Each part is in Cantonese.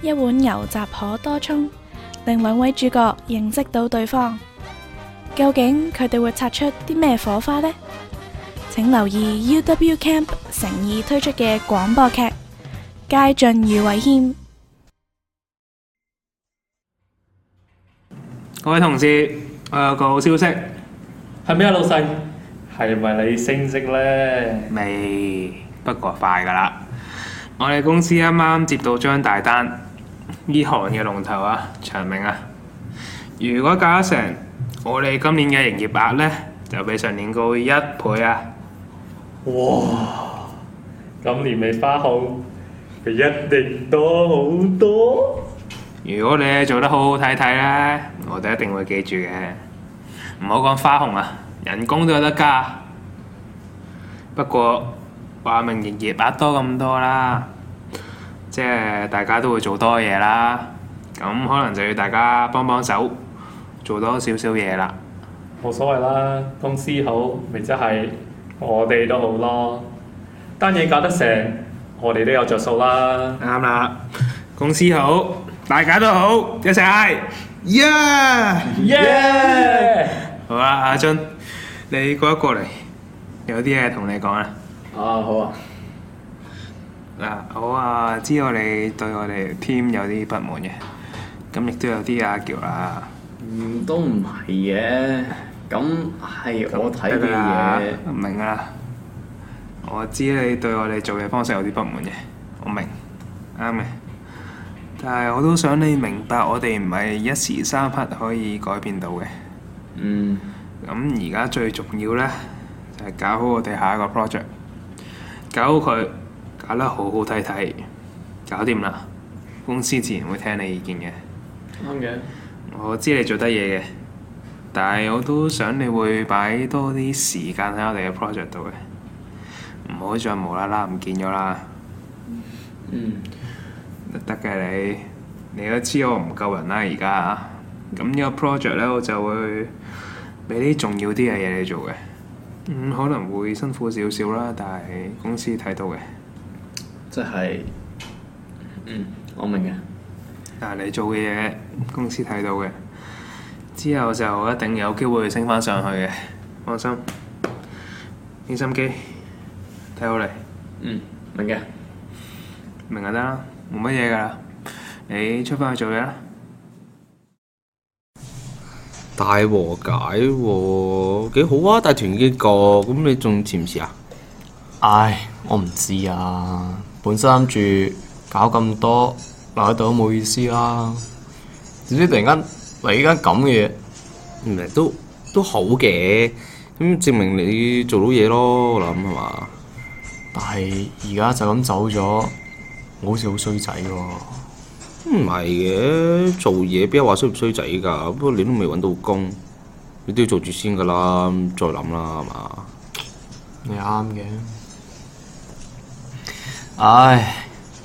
一碗牛雜河多蔥，令兩位主角認識到對方。究竟佢哋會擦出啲咩火花呢？請留意 UW Camp 誠意推出嘅廣播劇《佳俊與偉謙》。各位同事，我有個好消息，係咩啊？老細係咪你升職呢？未，不過快噶啦，我哋公司啱啱接到張大單。呢行嘅龍頭啊，長明啊！如果加成我哋今年嘅營業額呢，就比上年高一倍啊！哇！今年咪花紅就一定多好多。如果你做得好好睇睇咧，我哋一定會記住嘅。唔好講花紅啊，人工都有得加，啊。不過話明營業額多咁多啦，啊。即係大家都會做多嘢啦，咁可能就要大家幫幫手，做多少少嘢啦。冇所謂啦，公司好，咪即係我哋都好咯。單嘢搞得成，我哋都有著數啦。啱啦，公司好，大家都好，一齊，yeah yeah。好啊，阿俊，你過一過嚟，有啲嘢同你講啊。啊，好啊。嗱，我啊知道你對我哋 team 有啲不滿嘅，咁亦都有啲 argue 啦。嗯，都唔係嘅。咁係我睇嘅嘢。明啊！我知你對我哋做嘅方式有啲不滿嘅，我明。啱嘅。但係我都想你明白，我哋唔係一時三刻可以改變到嘅。嗯。咁而家最重要呢，就係搞好我哋下一個 project，搞好佢。係啦，好好睇睇，搞掂啦。公司自然會聽你意見嘅。啱嘅、嗯。我知你做得嘢嘅，但係我都想你會擺多啲時間喺我哋嘅 project 度嘅，唔好再無啦啦唔見咗啦。得嘅、嗯嗯、你，你都知我唔夠人啦。而家咁呢個 project 咧，我就會俾啲重要啲嘅嘢你做嘅。嗯，可能會辛苦少少啦，但係公司睇到嘅。即係，嗯，我明嘅。但係、啊、你做嘅嘢，公司睇到嘅，之後就一定有機會升翻上去嘅。嗯、放心，傾心機，睇好你。嗯，明嘅，明嘅得啦，冇乜嘢噶啦。你出翻去做嘢啦。大和解喎、哦，幾好啊！大團結個，咁你仲前唔前啊？唉，我唔知啊。本身諗住搞咁多留喺度都冇意思啦，啊，點知突然間嚟一間咁嘅嘢，唔係都都好嘅，咁證明你做到嘢咯，我諗係嘛？但係而家就咁走咗，我好似好衰仔喎。哦，唔係嘅，做嘢邊有話衰唔衰仔噶不過你都未揾到工，你都要做住先噶啦，再諗啦，係嘛？你啱嘅。唉，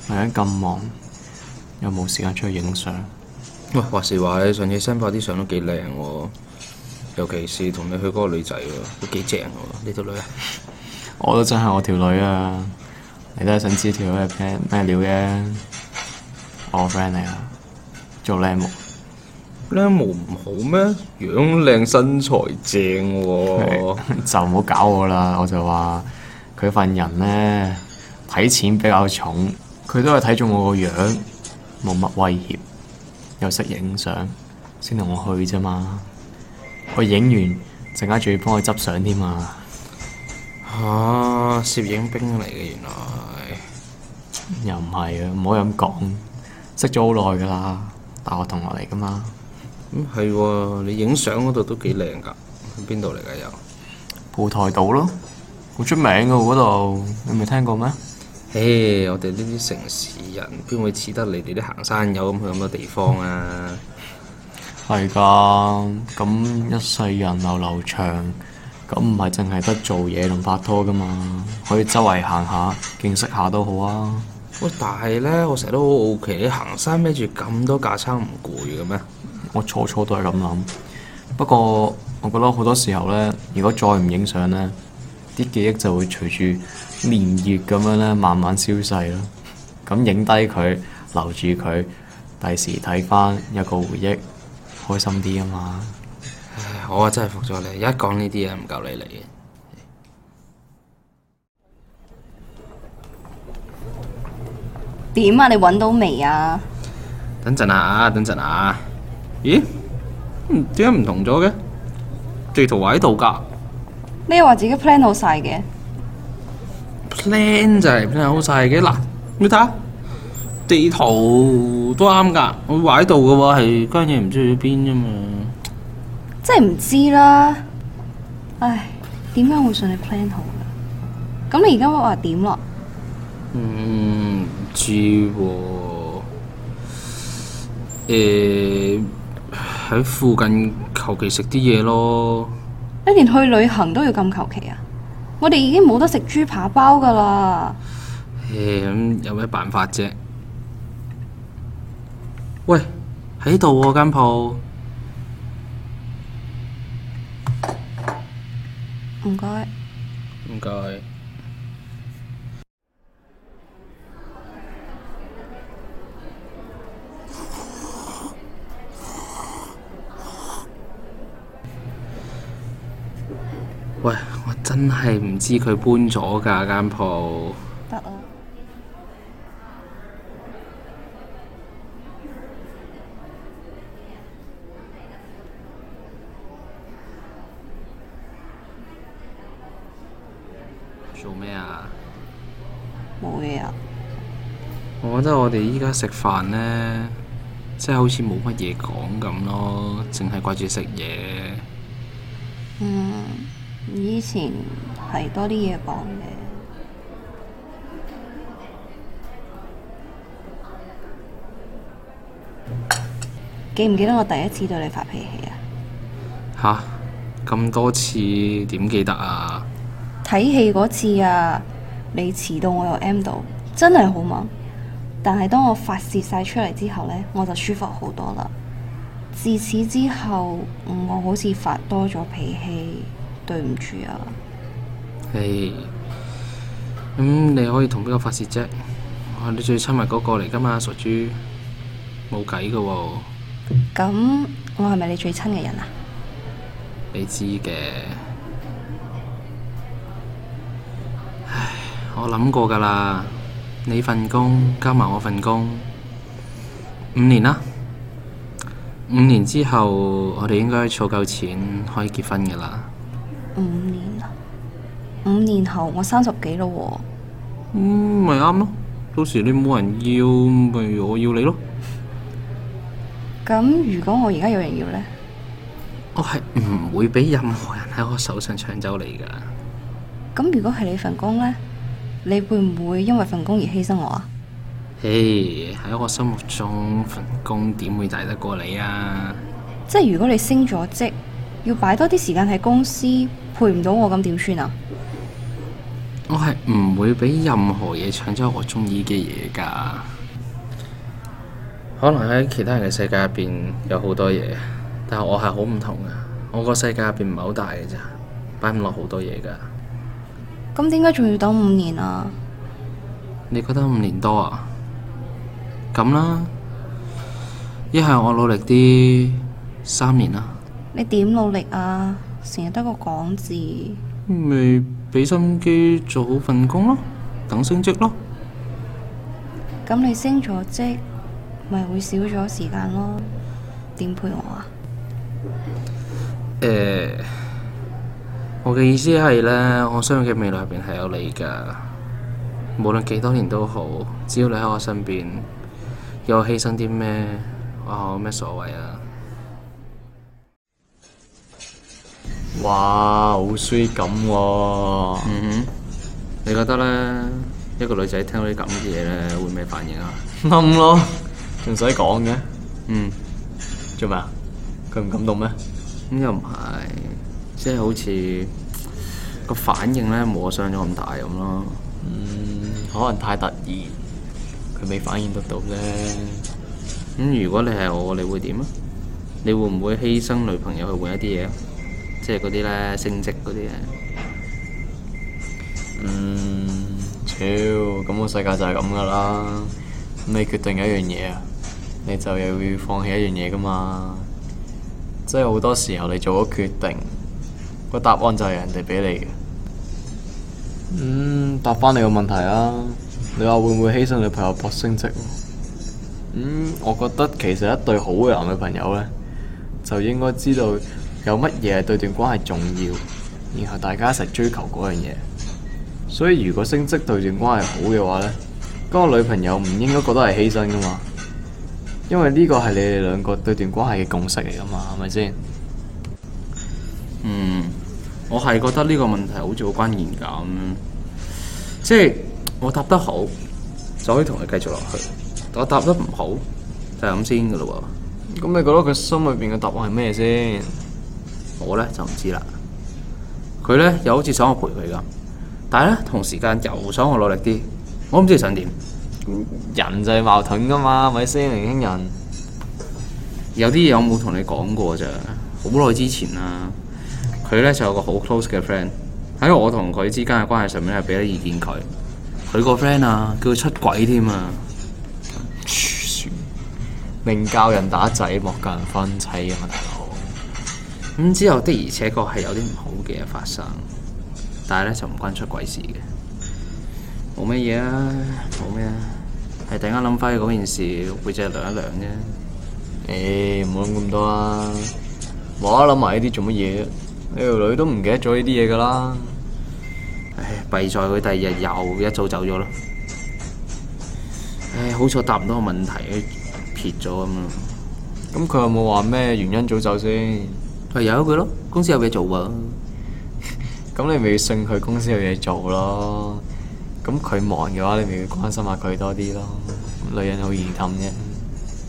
最近咁忙，又冇時間出去影相。喂，話時話你上次新拍啲相都幾靚，尤其是同你去嗰個女仔，都幾正喎。呢條女啊， 我都真係我條女啊！你都係想知條女咩咩料嘅？我 friend 嚟啊，做靚模。靚模唔好咩？樣靚，身材正喎。 就唔好搞我啦！我就話佢份人咧。睇錢比較重，佢都係睇中我個樣，冇乜威脅，又識影相，先同我去啫嘛。我影完陣間仲要幫佢執相添嘛！嚇，攝影兵嚟、啊、嘅原來，又唔係啊！唔好咁講，識咗好耐噶啦，大學同學嚟噶嘛。咁係、嗯、你影相嗰度都幾靚噶，去邊度嚟㗎又？蒲台島咯，好出名噶喎，嗰度你未聽過咩？誒，hey，我哋呢啲城市人邊會似得你哋啲行山友咁去咁多地方啊？係㗎，咁一世人流流長，咁唔係淨係得做嘢同拍拖噶嘛？可以周圍行下，見識下都好啊。喂，但係咧，我成日都好好奇，你行山孭住咁多架撐唔攰嘅咩？我初初都係咁諗，不過我覺得好多時候咧，如果再唔影相咧～啲記憶就會隨住年月咁樣咧，慢慢消逝咯。咁影低佢，留住佢，第時睇翻一個回憶，開心啲啊嘛！唉，我真係服咗你，一講呢啲嘢唔夠你嚟嘅。點啊？你揾到未啊？等陣啊！等陣啊！咦？唔，點解唔同咗嘅？地圖喺度噶。你又話自己 plan 好晒嘅？plan 就係 plan 好晒嘅嗱，你睇下，地圖都啱噶，我畫喺度噶喎，係間嘢唔知去邊啫嘛，即係唔知啦，唉，想嗯啊呃、點解會想你 plan 好嘅？咁你而家話點咯？唔知喎，誒，喺附近求其食啲嘢咯。你連去旅行都要咁求其啊！我哋已經冇得食豬扒包㗎喇。唉，有咩辦法啫？喂，喺度喎，間鋪。唔該。唔該。喂，我真係唔知佢搬咗㗎間鋪。得啊。做咩啊？冇嘢啊。我覺得我哋而家食飯呢，即係好似冇乜嘢講咁咯，淨係掛住食嘢。前係多啲嘢講嘅，記唔記得我第一次對你發脾氣啊？吓？咁多次點記得啊？睇戲嗰次啊，你遲到我又 M 到，真係好猛。但係當我發泄晒出嚟之後呢，我就舒服好多啦。自此之後，我好似發多咗脾氣。對唔住啊，hey，啊！你咁你可以同邊個發洩啫？你最親密嗰個嚟噶嘛，傻豬冇計噶喎。咁、哦嗯、我係咪你最親嘅人啊？你知嘅。唉，我諗過噶啦，你份工加埋我份工五年啦，五年之後我哋應該儲夠錢可以結婚噶啦。五年啦，五年後我三十幾咯喎。嗯，咪啱咯。到時你冇人要，咪我要你咯。咁如果我而家有人要咧，我係唔會俾任何人喺我手上搶走你噶。咁如果係你份工咧，你會唔會因為份工而犧牲我啊？誒，喺我心目中份工點會抵得過你啊？即係如果你升咗職，要擺多啲時間喺公司。陪唔到我咁點算啊？我係唔會畀任何嘢搶走我鍾意嘅嘢噶。可能喺其他人嘅世界入邊有好多嘢，但係我係好唔同噶。我個世界入邊唔係好大嘅咋，擺唔落好多嘢噶。咁點解仲要等五年啊？你覺得五年多啊？咁啦，一係我努力啲三年啦、啊。你點努力啊？成日得個講字，咪畀心機做好份工咯，等升職咯。咁你升咗職，咪會少咗時間咯？點陪我啊？誒、欸，我嘅意思係咧，我相信嘅未來入邊係有你噶，無論幾多年都好，只要你喺我身邊，有我犧牲啲咩，我冇咩所謂啊！哇，好衰咁喎！嗯哼，你覺得呢？一個女仔聽到啲咁嘅嘢呢，會咩反應啊？冧咯，仲使講嘅？嗯，做咩啊？佢唔、嗯、感動咩？咁、嗯、又唔係，即、就、係、是、好似個反應呢，冇我想象咁大咁咯。嗯，可能太突然，佢未反應得到啫。咁、嗯、如果你係我，你會點啊？你會唔會犧牲女朋友去換一啲嘢啊？即係嗰啲咧升職嗰啲咧，嗯，超咁個世界就係咁噶啦。你決定一樣嘢啊，你就又要放棄一樣嘢噶嘛。即係好多時候你做咗決定，個答案就係人哋畀你嘅。嗯，答翻你個問題啊，你話會唔會犧牲女朋友搏升職？嗯，我覺得其實一對好嘅男女朋友咧，就應該知道。有乜嘢對段關係重要？然後大家一齊追求嗰樣嘢。所以如果升職對段關係好嘅話咧，呢個女朋友唔應該覺得係犧牲噶嘛？因為呢個係你哋兩個對段關係嘅共識嚟噶嘛，係咪先？嗯，我係覺得呢個問題好似好關鍵咁，即係我答得好就可以同佢繼續落去。但我答得唔好就係咁先噶咯。咁你覺得佢心裏邊嘅答案係咩先？我咧就唔知啦，佢咧又好似想我陪佢咁，但係咧同時間又想我努力啲，我唔知你想點，人就係矛盾噶嘛，咪先年輕人。有啲嘢我冇同你講過咋，好耐之前啊，佢咧就有個好 close 嘅 friend，喺我同佢之間嘅關係上面咧，係俾咗意見佢。佢個 friend 啊，叫佢出軌添啊。算，寧教人打仔，莫教人分妻啊嘛。咁之後的而且確係有啲唔好嘅嘢發生，但係咧就唔關出軌事嘅。冇乜嘢啊，冇咩啊，係突然間諗翻起嗰件事，背脊涼一涼啫。誒、欸，唔好諗咁多啊，我諗埋呢啲做乜嘢？呢條女都唔記得咗呢啲嘢噶啦。唉，弊在佢第二日又一早走咗咯。唉，好彩答唔到個問題，撇咗咁樣。咁佢有冇話咩原因早走先？係有佢咯，公司有嘢做喎。咁你咪要信佢公司有嘢做咯。咁佢忙嘅話，你咪要關心下佢多啲咯。咁女人好易氹啫。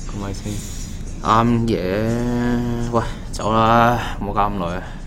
係咪先？啱嘢。喂，走啦，冇搞咁耐。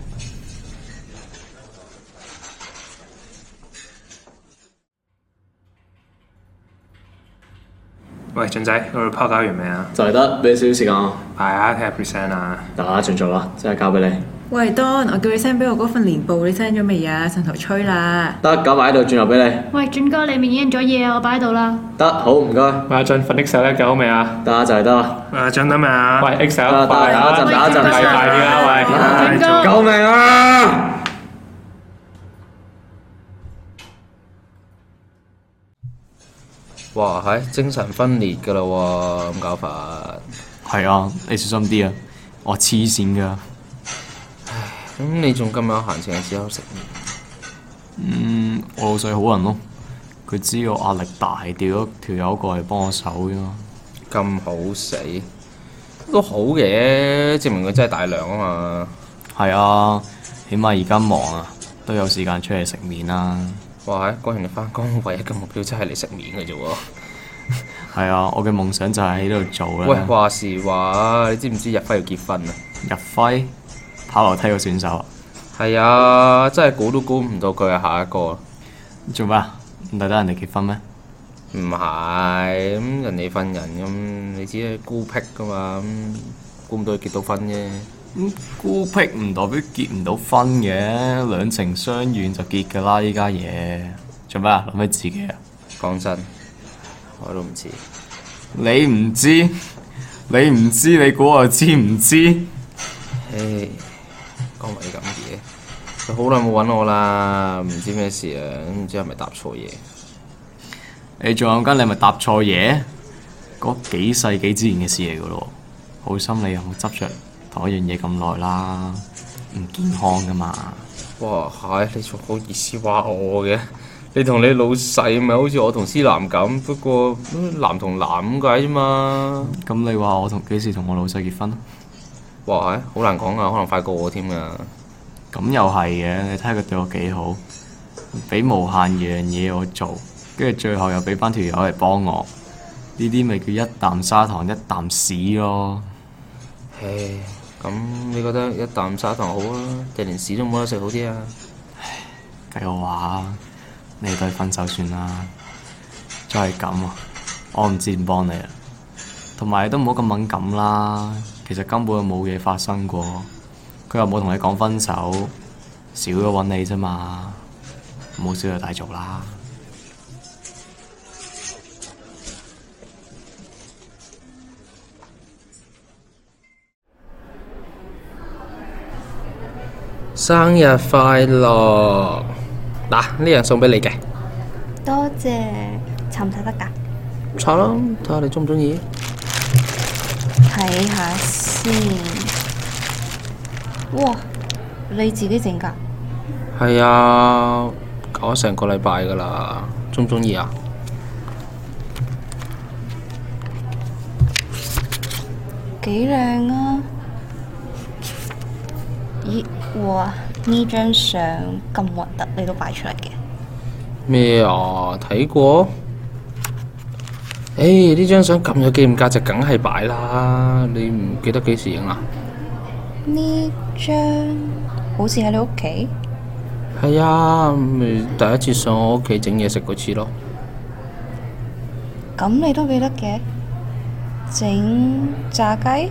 喂，俊仔，我哋 report 搞完未啊？就係得，俾少少時間我。係啊，睇下 present 啊。得啊，俊做啦，即刻交俾你。喂，Don，我叫你 send 俾我嗰份年報，你 send 咗未啊？上頭吹啦。得，搞埋喺度，轉頭俾你。喂，俊哥，你面影咗嘢啊？我擺喺度啦。得，好，唔該。喂，俊，份 Excel 搞好未啊？得啊，就係得。喂，俊得未啊？喂 Excel 等一陣，等一陣，快快啲啊！喂，俊哥，救命啊！哇，係、哎、精神分裂噶咯喎，咁搞法。係啊，你小心啲啊！我黐線噶。咁你仲今日有閒情，只有食麵。嗯，我老細好人咯，佢知我壓力大，調咗條友過嚟幫我手啫嘛。咁好死，都好嘅，證明佢真係大量啊嘛。係啊，起碼而家忙啊，都有時間出嚟食麵啦。哇！喺工人嚟翻工，唯一嘅目標真係嚟食麵嘅啫喎。係啊，我嘅夢想就係喺度做啦。喂，話時話啊，你知唔知日輝要結婚啊？日輝跑樓梯嘅選手啊。係啊，真係估都估唔到佢係下一個。做咩？唔抵得人哋結婚咩？唔係咁人哋份人咁，你知啊，孤僻噶嘛，估唔到佢結到婚啫。孤僻唔代表結唔到婚嘅，兩情相願就結噶啦。依家嘢做咩啊？諗起自己啊？講真，我都唔知,你唔知。你唔知？你唔知？你估我知唔知？唉，講埋啲咁嘅嘢，佢好耐冇揾我啦，唔知咩事啊？唔知係咪答錯嘢？你仲有間你咪答錯嘢？嗰幾世紀之前嘅事嚟噶咯，好心你又咁執着。做樣嘢咁耐啦，唔健康噶嘛！哇，係、哎、你仲好意思話我嘅？你同你老細咪好似我同思南咁，不過、嗯、男同男咁解啫嘛。咁你話我同幾時同我老細結婚？哇，好、哎、難講啊，可能快過我添啊。咁又係嘅，你睇下佢對我幾好，俾無限樣嘢我做，跟住最後又俾翻條友嚟幫我，呢啲咪叫一啖砂糖一啖屎咯。嘿。Hey. 咁你覺得一啖砂糖好啊？定連屎都冇得食好啲啊？唉，計我話，你都係分手算啦。再係咁啊，我唔知點幫你啦。同埋都唔好咁敏感啦。其實根本就冇嘢發生過。佢又冇同你講分手，少咗揾你啫嘛。唔好少咗大做啦。生日快樂！嗱，呢樣送畀你嘅，多謝，拆唔拆得噶？拆咯，睇下你中唔中意？睇下先，哇，你自己整噶？係啊，搞咗成個禮拜噶啦，中唔中意啊？幾靚啊！咦，哇！呢張相咁核突，你都擺出嚟嘅咩啊？睇過，誒，呢張相咁有紀念價值，梗係擺啦。你唔記得幾時影啊？呢張好似喺你屋企，係啊，咪第一次上我屋企整嘢食嗰次咯。咁你都記得嘅，整炸雞。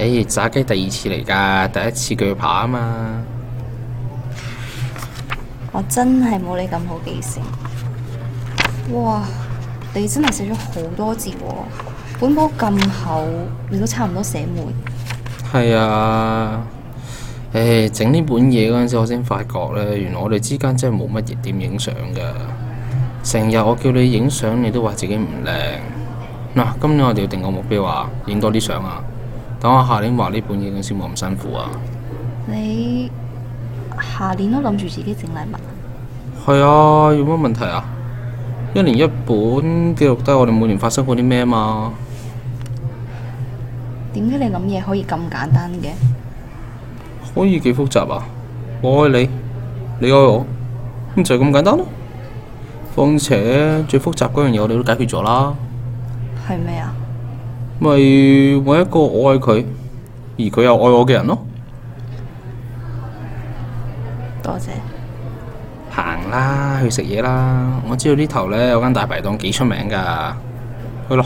誒、哎，炸雞第二次嚟噶，第一次鋸扒啊嘛。我真係冇你咁好記性。哇，你真係寫咗好多字喎、哦。本簿咁厚，你都差唔多寫滿。係啊，誒、哎，整呢本嘢嗰陣時，我先發覺咧，原來我哋之間真係冇乜熱點影相噶。成日我叫你影相，你都話自己唔靚。嗱、啊，今年我哋要定個目標啊，影多啲相啊！等我下年畫呢本嘢，先冇咁辛苦啊！你下年都諗住自己整禮物？係啊，有乜問題啊？一年一本記錄低我哋每年發生過啲咩嘛？點解你諗嘢可以咁簡單嘅？可以幾複雜啊？我愛你，你愛我，唔就係咁簡單咯、啊？況且最複雜嗰樣嘢我哋都解決咗啦。係咩啊？咪揾一個我愛佢，而佢又愛我嘅人咯。多謝。行啦，去食嘢啦。我知道呢頭咧有間大排檔幾出名㗎，去咯。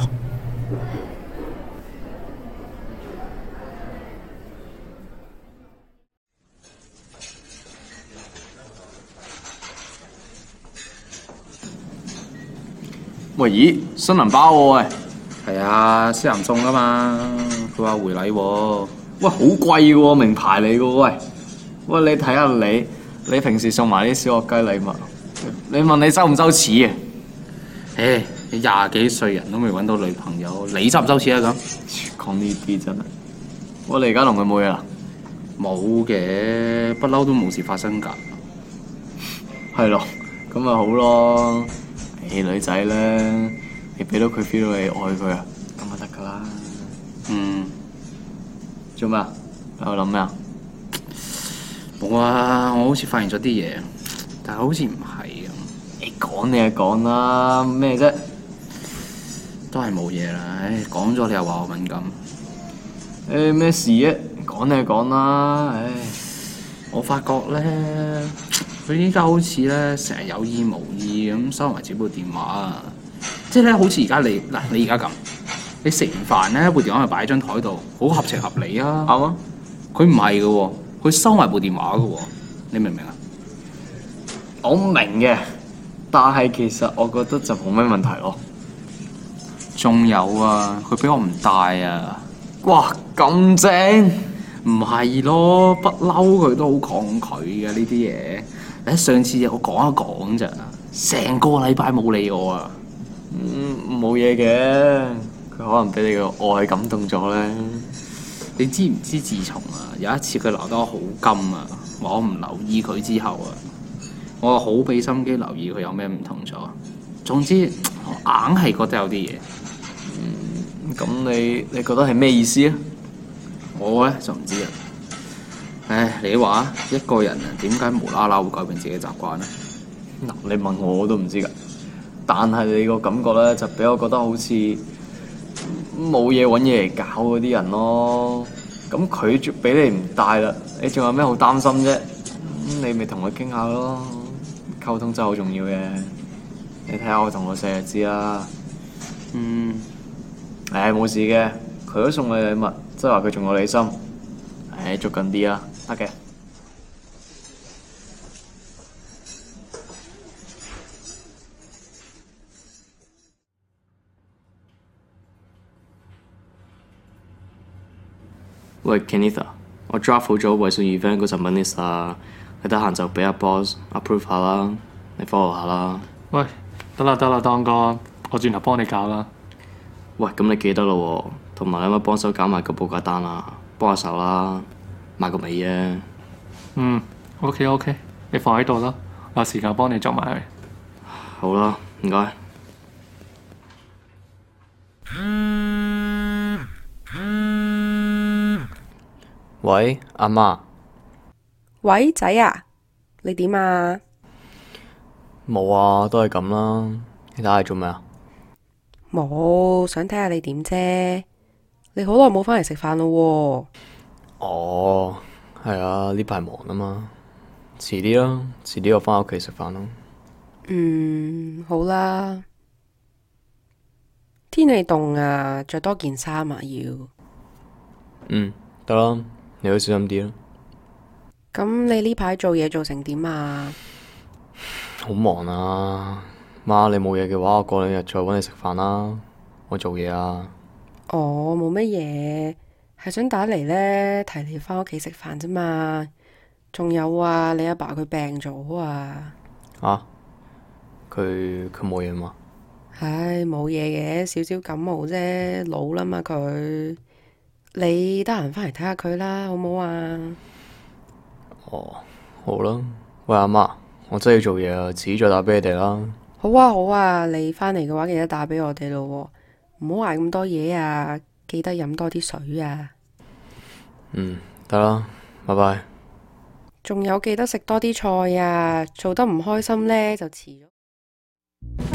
喂，咦，新銀包喎喂。係啊，私人送噶嘛，佢話回禮喎。啊，哇好貴喎，名牌嚟噶喂，喂你睇下你，你平時送埋啲小學雞禮物，你問你羞唔羞恥啊？欸、你廿幾歲人都未揾到女朋友，你羞唔羞恥啊？咁講呢啲真係，我你而家同佢冇嘢啦，冇嘅，不嬲都冇事發生噶，係 咯，咁咪好咯，你女仔咧。你俾到佢 feel 到你愛佢啊？咁就得㗎啦。嗯，做咩啊？喺度諗咩啊？冇啊！我好似發現咗啲嘢，但係好似唔係咁。你講你就講啦，咩啫？都係冇嘢啦。唉，講咗你又話我敏感。唉、欸，咩事啊？講你就講啦。唉，我發覺咧，佢依家好似咧成日有意無意咁收埋這部電話啊。即係咧，好似而家你嗱，你而家咁，你食完飯咧，部電話咪擺喺張台度，好合情合理啊。啱啊，佢唔係嘅喎，佢收埋部電話嘅喎，你明唔明啊？我明嘅，但係其實我覺得就冇咩問題咯。仲有啊，佢俾我唔帶啊。哇，咁正？唔係咯，不嬲佢都好抗拒嘅呢啲嘢。誒，上次我講一講咋，成個禮拜冇理我啊。嗯，冇嘢嘅，佢可能俾你個愛感動咗咧。你知唔知自從啊，有一次佢鬧得我好甘啊，我唔留意佢之後啊，我好俾心機留意佢有咩唔同咗。總之硬係覺得有啲嘢。嗯，咁你你覺得係咩意思啊？我咧就唔知啊。唉，你話一個人啊點解無啦啦會改變自己習慣呢？嗱，你問我，我都唔知噶。但係你個感覺咧，就畀我覺得好似冇嘢揾嘢嚟搞嗰啲人咯。咁佢畀你唔大啦，你仲有咩好擔心啫？你咪同佢傾下咯，溝通真係好重要嘅。你睇下我同我成日知啦。嗯，唉、哎，冇事嘅，佢都送你禮物，即係話佢仲有你心。唉、哎，捉緊啲啦，得嘅。喂，Kenneth，我 draft 好咗為信 event 嗰陣文 list，你得閒就畀阿 boss approve 下啦，你 follow 下啦。喂，得啦得啦，當哥，我轉頭幫你搞啦。喂，咁你記得咯喎，同埋你咪幫手搞埋個報價單啦，幫下手啦，埋個尾啫。嗯，OK OK，你放喺度啦，我有時間幫你做埋。好啦，唔該。喂，阿媽。喂，仔啊，你點啊？冇啊，都係咁啦。看看你打嚟做咩啊？冇，啊，想睇下你點啫。你好耐冇翻嚟食飯咯。哦，係啊，呢排忙啊嘛。遲啲啦，遲啲我翻屋企食飯咯。嗯，好啦。天氣凍啊，着多件衫啊，要。嗯，得啦。你好小心啲啦。咁你呢排做嘢做成點啊？好忙啊！媽，你冇嘢嘅話，我過兩日再揾你食飯啦。我做嘢啊。哦，冇乜嘢，係想打嚟咧，提你返屋企食飯啫嘛。仲有啊，你阿爸佢病咗啊。啊？佢佢冇嘢嘛？唉，冇嘢嘅，少少感冒啫，老啦嘛佢。你得閒返嚟睇下佢啦，好唔好啊？哦，好啦。喂，阿媽，我真係要做嘢啊，遲咗打俾你哋啦。好啊，好啊，你返嚟嘅話記得打俾我哋咯。唔好挨咁多嘢啊，記得飲多啲水啊。嗯，得啦，拜拜。仲有，記得食多啲菜啊！做得唔開心呢，就遲咗。